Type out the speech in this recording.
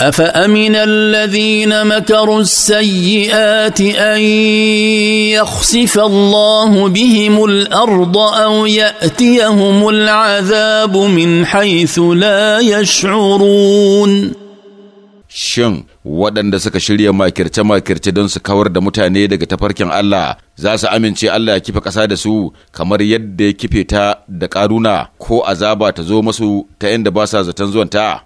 افامن الذين مكروا السيئات ان يخسف الله بهم الارض او ياتيهم العذاب من حيث لا يشعرون shin waɗanda suka shirya makirce-makirce don su kawar da mutane daga tafarkin Allah za su amince Allah ya kife ƙasa da su kamar yadda ya kife ta da ƙaruna ko azaba ta zo masu ta inda ba sa zaton zuwanta.